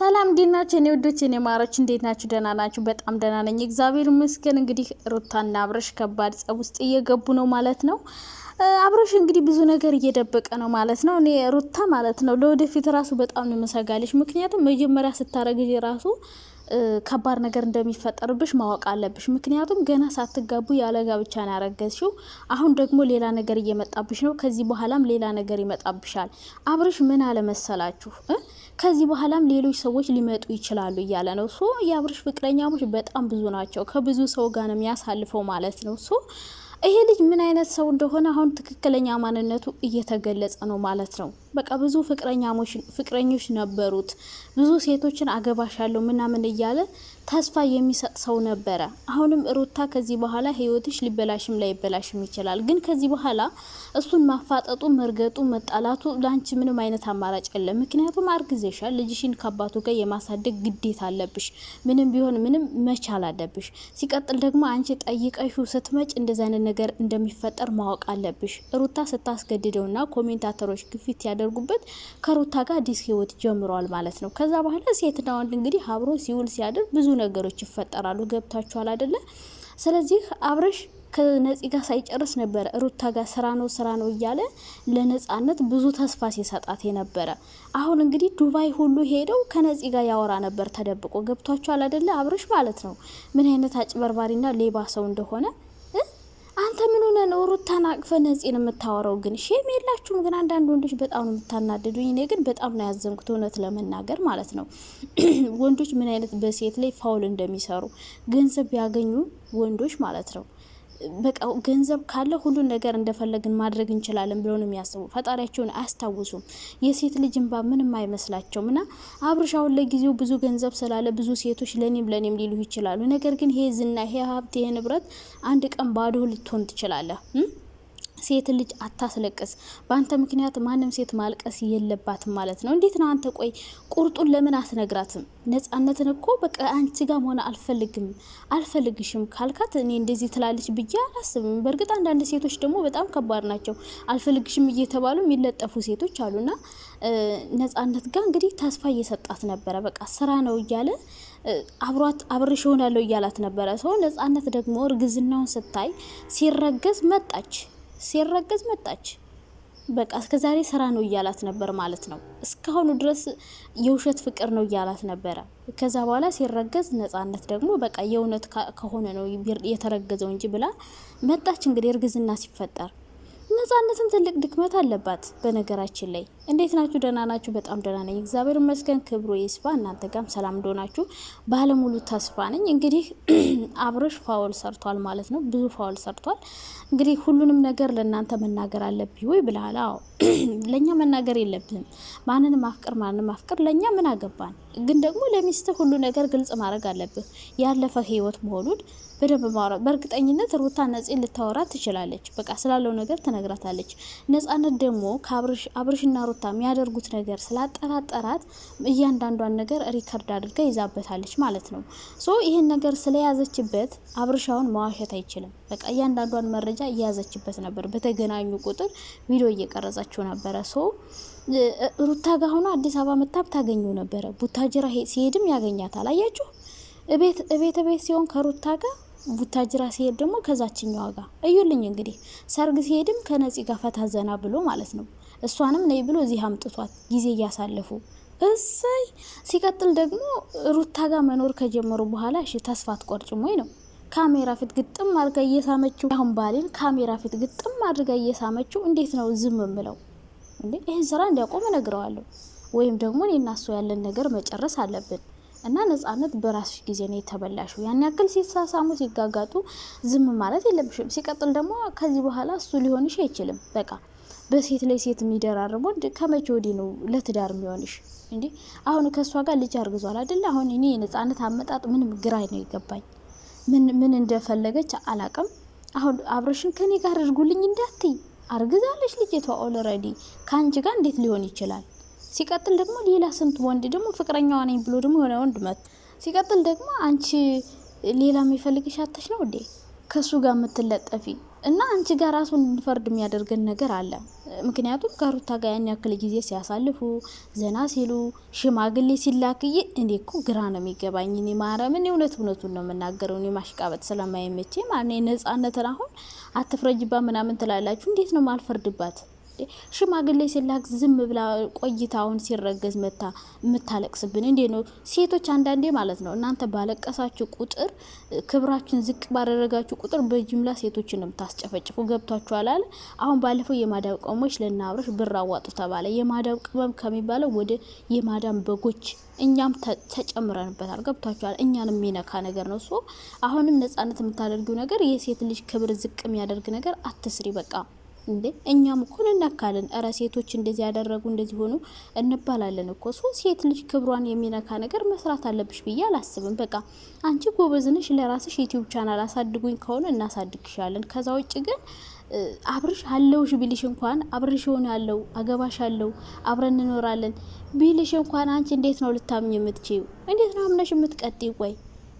ሰላም እንዴት ናችሁ? እኔ ውዶች፣ እኔ ማሮች እንዴት ናችሁ? ደህና ናችሁ? በጣም ደህና ነኝ፣ እግዚአብሔር ይመስገን። እንግዲህ ሩታና አብረሽ ከባድ ጸብ ውስጥ እየገቡ ነው ማለት ነው። አብረሽ እንግዲህ ብዙ ነገር እየደበቀ ነው ማለት ነው። እኔ ሩታ ማለት ነው ለወደፊት ራሱ በጣም ነው መሰጋለች። ምክንያቱም መጀመሪያ ስታረግ ራሱ ከባድ ነገር እንደሚፈጠርብሽ ማወቅ አለብሽ። ምክንያቱም ገና ሳትጋቡ ያለ ጋብቻ ነው ያረገዝሽው። አሁን ደግሞ ሌላ ነገር እየመጣብሽ ነው። ከዚህ በኋላም ሌላ ነገር ይመጣብሻል። አብርሽ ምን አለመሰላችሁ፣ ከዚህ በኋላም ሌሎች ሰዎች ሊመጡ ይችላሉ እያለ ነው። ሶ የአብርሽ ፍቅረኛሞች በጣም ብዙ ናቸው። ከብዙ ሰው ጋር ነው የሚያሳልፈው ማለት ነው ሶ ይሄ ልጅ ምን አይነት ሰው እንደሆነ አሁን ትክክለኛ ማንነቱ እየተገለጸ ነው ማለት ነው። በቃ ብዙ ፍቅረኞች ነበሩት። ብዙ ሴቶችን አገባሻለሁ ምናምን እያለ ተስፋ የሚሰጥ ሰው ነበረ። አሁንም ሩታ ከዚህ በኋላ ህይወትሽ ሊበላሽም ላይበላሽም ይችላል፣ ግን ከዚህ በኋላ እሱን ማፋጠጡ፣ መርገጡ፣ መጣላቱ ለአንቺ ምንም አይነት አማራጭ የለም። ምክንያቱም አርግዜሻል። ልጅሽን ከአባቱ ጋር የማሳደግ ግዴታ አለብሽ። ምንም ቢሆን ምንም መቻል አለብሽ። ሲቀጥል ደግሞ አንቺ ጠይቀሹ ስትመጭ እንደዚ አይነት ነገር እንደሚፈጠር ማወቅ አለብሽ። ሩታ ስታስገድደውና ኮሜንታተሮች ግፊት ያደ የሚያደርጉበት ከሩታ ጋር አዲስ ህይወት ጀምረዋል ማለት ነው። ከዛ በኋላ ሴትና ወንድ እንግዲህ አብሮ ሲውል ሲያድር ብዙ ነገሮች ይፈጠራሉ። ገብታችኋል አይደለ? ስለዚህ አብረሽ ከነፂ ጋር ሳይጨርስ ነበረ ሩታ ጋር ስራ ነው ስራ ነው እያለ ለነጻነት ብዙ ተስፋ ሲሰጣት የነበረ። አሁን እንግዲህ ዱባይ ሁሉ ሄደው ከነፂ ጋር ያወራ ነበር ተደብቆ። ገብቷቸዋል አይደለ? አብረሽ ማለት ነው ምን አይነት አጭበርባሪና ሌባ ሰው እንደሆነ አንተ ምን ሆነ ነው ሩታን አቅፈ ነፂን የምታወራው? ግን ሼም የላችሁም? ግን አንዳንድ ወንዶች በጣም ነው የምታናደዱኝ። እኔ ግን በጣም ነው ያዘንኩት፣ እውነት ለመናገር ማለት ነው። ወንዶች ምን አይነት በሴት ላይ ፋውል እንደሚሰሩ ገንዘብ ያገኙ ወንዶች ማለት ነው በቃ ገንዘብ ካለ ሁሉን ነገር እንደፈለግን ማድረግ እንችላለን ብሎ ነው የሚያስቡ። ፈጣሪያቸውን አያስታውሱም። የሴት ልጅ እንባ ምንም አይመስላቸውም። እና አብርሻው ለጊዜው ብዙ ገንዘብ ስላለ ብዙ ሴቶች ለኔም ለኔም ሊሉ ይችላሉ። ነገር ግን ይሄ ዝና፣ ይሄ ሀብት፣ ይሄ ንብረት አንድ ቀን ባዶ ልትሆን ትችላለህ። ሴት ልጅ አታስለቅስ። በአንተ ምክንያት ማንም ሴት ማልቀስ የለባትም ማለት ነው። እንዴት ነው አንተ? ቆይ ቁርጡን ለምን አስነግራትም? ነጻነትን እኮ በቃ አንቺ ጋር መሆን አልፈልግም አልፈልግሽም ካልካት እኔ እንደዚህ ትላለች ብዬ አላስብም። በእርግጥ አንዳንድ ሴቶች ደግሞ በጣም ከባድ ናቸው። አልፈልግሽም እየተባሉ የሚለጠፉ ሴቶች አሉና ነጻነት ጋር እንግዲህ ተስፋ እየሰጣት ነበረ። በቃ ስራ ነው እያለ አብሯት አብርሽ ሆናለሁ እያላት ነበረ ሰው ነጻነት ደግሞ እርግዝናውን ስታይ ሲረገዝ መጣች። ሲረገዝ መጣች። በቃ እስከ ዛሬ ስራ ነው እያላት ነበር ማለት ነው። እስካሁኑ ድረስ የውሸት ፍቅር ነው እያላት ነበረ። ከዛ በኋላ ሲረገዝ ነጻነት ደግሞ በቃ የእውነት ከሆነ ነው የተረገዘው እንጂ ብላ መጣች። እንግዲህ እርግዝና ሲፈጠር ነጻነትም ትልቅ ድክመት አለባት። በነገራችን ላይ እንዴት ናችሁ? ደህና ናችሁ? በጣም ደህና ነኝ፣ እግዚአብሔር ይመስገን። ክብሩ ይስፋ። እናንተ ጋም ሰላም እንደሆናችሁ ባለሙሉ ተስፋ ነኝ። እንግዲህ አብርሽ ፋውል ሰርቷል ማለት ነው፣ ብዙ ፋውል ሰርቷል። እንግዲህ ሁሉንም ነገር ለእናንተ መናገር አለብኝ ወይ ብላል። አዎ ለእኛ መናገር የለብንም። ማንንም አፍቅር ማንንም አፍቅር ለእኛ ምን አገባን? ግን ደግሞ ለሚስት ሁሉ ነገር ግልጽ ማድረግ አለብህ። ያለፈ ህይወት መሆኑን በደንብ ማውራት። በእርግጠኝነት ሩታ ነጼ ልታወራ ትችላለች። በቃ ስላለው ነገር ትነግራታለች። ነጻነት ደግሞ አብርሽና ሩታ የሚያደርጉት ነገር ስላጠራጠራት እያንዳንዷን ነገር ሪከርድ አድርጋ ይዛበታለች ማለት ነው። ሶ ይህን ነገር ስለያዘችበት አብርሻውን መዋሸት አይችልም። በቃ እያንዳንዷን መረጃ እያያዘችበት ነበር። በተገናኙ ቁጥር ቪዲዮ እየቀረጸችው ነበረ ሶ ሩታ ጋር ሆኖ አዲስ አበባ መታብ ታገኘው ነበረ። ቡታጅራ ሲሄድም ያገኛታል። አያችሁ እቤት እቤት ቤት ሲሆን ከሩታ ጋር ቡታጅራ ሲሄድ ደግሞ ከዛችኛዋ ጋር እዩልኝ። እንግዲህ ሰርግ ሲሄድም ከነፂ ጋር ፈታ ዘና ብሎ ማለት ነው። እሷንም ነይ ብሎ እዚህ አምጥቷት ጊዜ እያሳለፉ እሰይ። ሲቀጥል ደግሞ ሩታ ጋር መኖር ከጀመሩ በኋላ እሺ ተስፋ አትቆርጭም ወይ ነው ካሜራ ፊት ግጥም አድርጋ እየሳመችው፣ አሁን ባሌን ካሜራ ፊት ግጥም አድርጋ እየሳመችው እንዴት ነው ዝም ምለው? እንዴ ይህን ስራ እንዲያቆም እነግረዋለሁ። ወይም ደግሞ እኔ እና እሱ ያለን ነገር መጨረስ አለብን እና ነጻነት በራስሽ ጊዜ ነው የተበላሹ። ያን ያክል ሲሳሳሙ ሲጋጋጡ ዝም ማለት የለብሽም። ሲቀጥል ደግሞ ከዚህ በኋላ እሱ ሊሆንሽ አይችልም። በቃ በሴት ላይ ሴት ወንድ ከመቼ ወዲህ ነው ለትዳር የሚሆንሽ? እንዴ አሁን ከእሷ ጋር ልጅ አርግዟል አይደለ? አሁን እኔ የነጻነት አመጣጥ ምንም ግራ ነው የገባኝ። ምን ምን እንደፈለገች አላቅም። አሁን አብረሽን ከኔ ጋር አድርጉልኝ እንዳትይ አርግዛለች ልጅቷ ኦልሬዲ። ከአንቺ ጋር እንዴት ሊሆን ይችላል? ሲቀጥል ደግሞ ሌላ ስንት ወንድ ደግሞ ፍቅረኛዋ ነኝ ብሎ ደግሞ የሆነ ወንድ መት ሲቀጥል ደግሞ አንቺ ሌላ የሚፈልግሽ አተሽ ነው እንዴ? ከእሱ ጋር የምትለጠፊ እና አንቺ ጋር ራሱን እንዲፈርድ የሚያደርገን ነገር አለ። ምክንያቱም ከሩታ ጋር ያን ያክል ጊዜ ሲያሳልፉ ዘና ሲሉ ሽማግሌ ሲላክዬ እኔ እኮ ግራ ነው የሚገባኝ። እኔ ማረምን የእውነት እውነቱን ነው የምናገረው። እኔ ማሽቃበጥ ስለማይመቼ ማ ነጻነትን አሁን አትፍረጅባት ምናምን ትላላችሁ። እንዴት ነው ማልፈርድባት? ሽማግሌ ሲላክ ዝም ብላ ቆይታውን ሲረገዝ መታ የምታለቅስብን እንዴ ነው? ሴቶች አንዳንዴ ማለት ነው እናንተ ባለቀሳችሁ ቁጥር ክብራችን ዝቅ ባደረጋችሁ ቁጥር በጅምላ ሴቶችን ነው የምታስጨፈጭፉ። ገብቷችኋል? አለ አሁን ባለፈው የማዳብ ቅመሞች ለናብረሽ ብር አዋጡ ተባለ። የማዳብ ቅመም ከሚባለው ወደ የማዳም በጎች እኛም ተጨምረንበታል። ገብቷችኋል? እኛን የሚነካ ነገር ነው። አሁንም ነጻነት የምታደርጊው ነገር የሴት ልጅ ክብር ዝቅ የሚያደርግ ነገር አትስሪ በቃ። እንዴ እኛም እኮ እንነካለን። እረ ሴቶች እንደዚህ ያደረጉ እንደዚህ ሆኑ እንባላለን እኮ ሶ ሴት ልጅ ክብሯን የሚነካ ነገር መስራት አለብሽ ብዬ አላስብም። በቃ አንቺ ጎበዝነሽ ለራስሽ ዩቲዩብ ቻናል አሳድጉኝ ከሆነ እናሳድግሻለን። ከዛ ውጭ ግን አብርሽ አለውሽ ቢልሽ እንኳን አብርሽ ሆን ያለው አገባሽ አለው አብረን እንኖራለን ቢልሽ እንኳን አንቺ እንዴት ነው ልታምኝ የምትችይው? እንዴት ነው አምነሽ የምትቀጥይ? ቆይ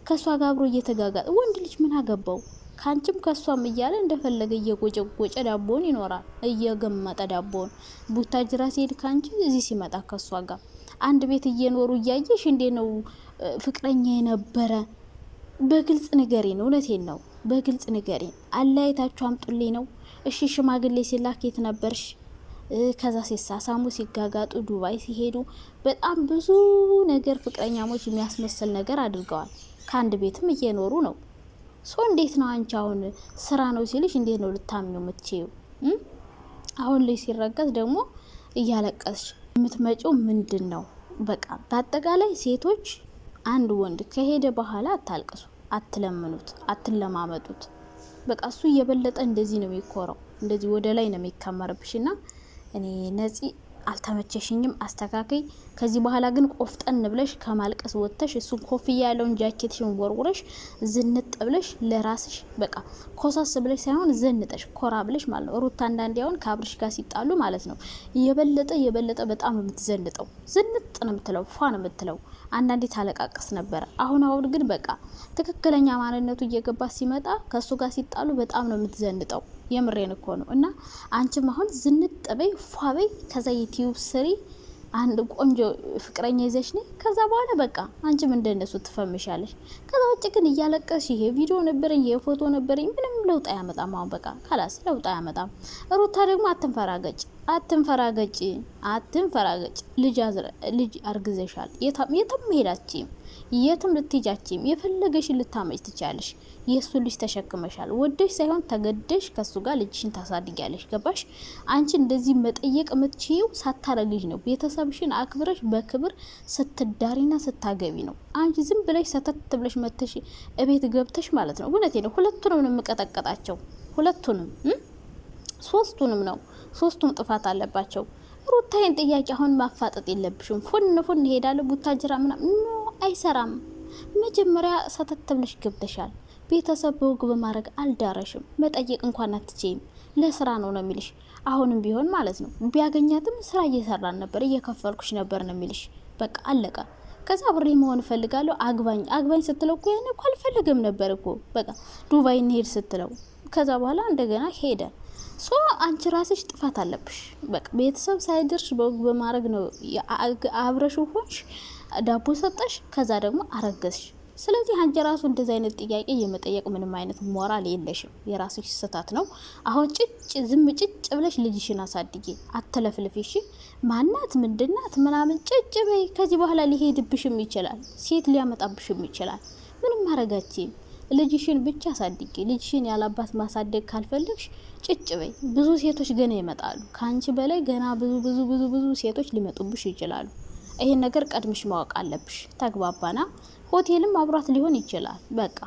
ከእሷ ጋር አብሮ እየተጋጋ ወንድ ልጅ ምን አገባው? ካንቺም ከሷም እያለ እንደፈለገ እየጎጨጎጨ ዳቦን ይኖራል፣ እየገመጠ ዳቦን። ቡታጅራ ሲሄድ ካንቺ፣ እዚህ ሲመጣ ከሷ ጋር አንድ ቤት እየኖሩ እያየሽ እንዴ ነው ፍቅረኛ የነበረ? በግልጽ ንገሪን። እውነቴን ነው፣ በግልጽ ንገሪን። አለያየታችሁ አምጡልኝ ነው። እሺ ሽማግሌ ሲላክ የት ነበርሽ? ከዛ ሲሳሳሙ ሲጋጋጡ ዱባይ ሲሄዱ በጣም ብዙ ነገር ፍቅረኛሞች የሚያስመስል ነገር አድርገዋል። ከአንድ ቤትም እየኖሩ ነው። ሶ እንዴት ነው አንቺ አሁን ስራ ነው ሲልሽ እንዴት ነው ልታምኚው የምትችይው? አሁን ላይ ሲረገጥ ደግሞ እያለቀስሽ የምትመጪው ምንድን ነው? በቃ በአጠቃላይ ሴቶች አንድ ወንድ ከሄደ በኋላ አታልቅሱ፣ አትለምኑት፣ አትለማመጡት። በቃ እሱ እየበለጠ እንደዚህ ነው የሚኮረው፣ እንደዚህ ወደ ላይ ነው የሚከመርብሽ። ና እኔ ነፂ አልተመቸሽኝም፣ አስተካከይ። ከዚህ በኋላ ግን ቆፍጠን ብለሽ ከማልቀስ ወጥተሽ እሱን ኮፍያ ያለውን ጃኬትሽን ወርውረሽ ዝንጥ ብለሽ ለራስሽ በቃ ኮሰስ ብለሽ ሳይሆን ዘንጠሽ ኮራ ብለሽ ማለት ነው። ሩታ አንዳንዴ አሁን ከአብርሽ ጋር ሲጣሉ ማለት ነው የበለጠ የበለጠ በጣም የምትዘንጠው። ዝንጥ ነው የምትለው፣ ፏ ነው የምትለው። አንዳንዴ ታለቃቀስ ነበረ። አሁን አሁን ግን በቃ ትክክለኛ ማንነቱ እየገባ ሲመጣ ከእሱ ጋር ሲጣሉ በጣም ነው የምትዘንጠው። የምሬን እኮ ነው። እና አንቺም አሁን ዝንጥበይ ፏበይ፣ ከዛ ዩቲዩብ ስሪ፣ አንድ ቆንጆ ፍቅረኛ ይዘሽ ነይ። ከዛ በኋላ በቃ አንቺም እንደነሱ ትፈምሻለሽ። ከዛ ውጭ ግን እያለቀሽ ይሄ ቪዲዮ ነበረኝ ይሄ ፎቶ ነበረኝ ምንም ለውጥ አያመጣም። አሁን በቃ ካላስ ለውጥ አያመጣም። ሩታ ደግሞ አትንፈራገጭ፣ አትንፈራገጭ፣ አትንፈራገጭ። ልጅ አርግዘሻል፣ የትም ሄዳችም የትም ልትጃችም የፈለገሽ ልታመጭ ትቻለሽ። የእሱ ልጅ ተሸክመሻል። ወደሽ ሳይሆን ተገደሽ ከሱ ጋር ልጅሽን ታሳድጊያለሽ። ገባሽ? አንቺ እንደዚህ መጠየቅ የምትችይው ሳታረግሽ ነው። ቤተሰብሽን አክብረሽ በክብር ስትዳሪና ስታገቢ ነው። አንቺ ዝም ብለሽ ሰተት ብለሽ መተሽ እቤት ገብተሽ ማለት ነው። እውነቴ ነው። ሁለቱንም ነው የምቀጠቀጣቸው። ሁለቱንም ሶስቱንም ነው። ሶስቱም ጥፋት አለባቸው። ሩታይን ጥያቄ አሁን ማፋጠጥ የለብሽም። ፉን ፉን ሄዳለ ቡታጅራ ምናምን አይሰራም። መጀመሪያ ሰተት ብለሽ ገብተሻል። ቤተሰብ በውግ በማድረግ አልዳረሽም። መጠየቅ እንኳን አትችይም። ለስራ ነው ነው የሚልሽ። አሁንም ቢሆን ማለት ነው ቢያገኛትም ስራ እየሰራን ነበር፣ እየከፈልኩሽ ነበር ነው የሚልሽ። በቃ አለቀ። ከዛ ብሬ መሆን እፈልጋለሁ፣ አግባኝ አግባኝ ስትለው እኮ ያን እኮ አልፈልግም ነበር እኮ በቃ ዱባይ እንሄድ ስትለው፣ ከዛ በኋላ እንደገና ሄደ። ሶ አንቺ ራስሽ ጥፋት አለብሽ። በቃ ቤተሰብ ሳይደርሽ በውግ በማድረግ ነው አብረሽ ሆንሽ ዳቦ ሰጠሽ፣ ከዛ ደግሞ አረገዝሽ። ስለዚህ አንቺ ራሱ እንደዚህ አይነት ጥያቄ የመጠየቅ ምንም አይነት ሞራል የለሽም። የራስሽ ስህተት ነው። አሁን ጭጭ ዝም ጭጭ ብለሽ ልጅሽን አሳድጊ፣ አትለፍልፊሽ። ማናት ምንድናት ምናምን ጭጭ በይ። ከዚህ በኋላ ሊሄድብሽም ይችላል፣ ሴት ሊያመጣብሽም ይችላል። ምንም አረጋችም። ልጅሽን ብቻ አሳድጊ። ልጅሽን ያላባት ማሳደግ ካልፈለግሽ ጭጭ በይ። ብዙ ሴቶች ገና ይመጣሉ። ከአንቺ በላይ ገና ብዙ ብዙ ብዙ ብዙ ሴቶች ሊመጡብሽ ይችላሉ። ይሄን ነገር ቀድምሽ ማወቅ አለብሽ። ተግባባና ሆቴልም አብሯት ሊሆን ይችላል። በቃ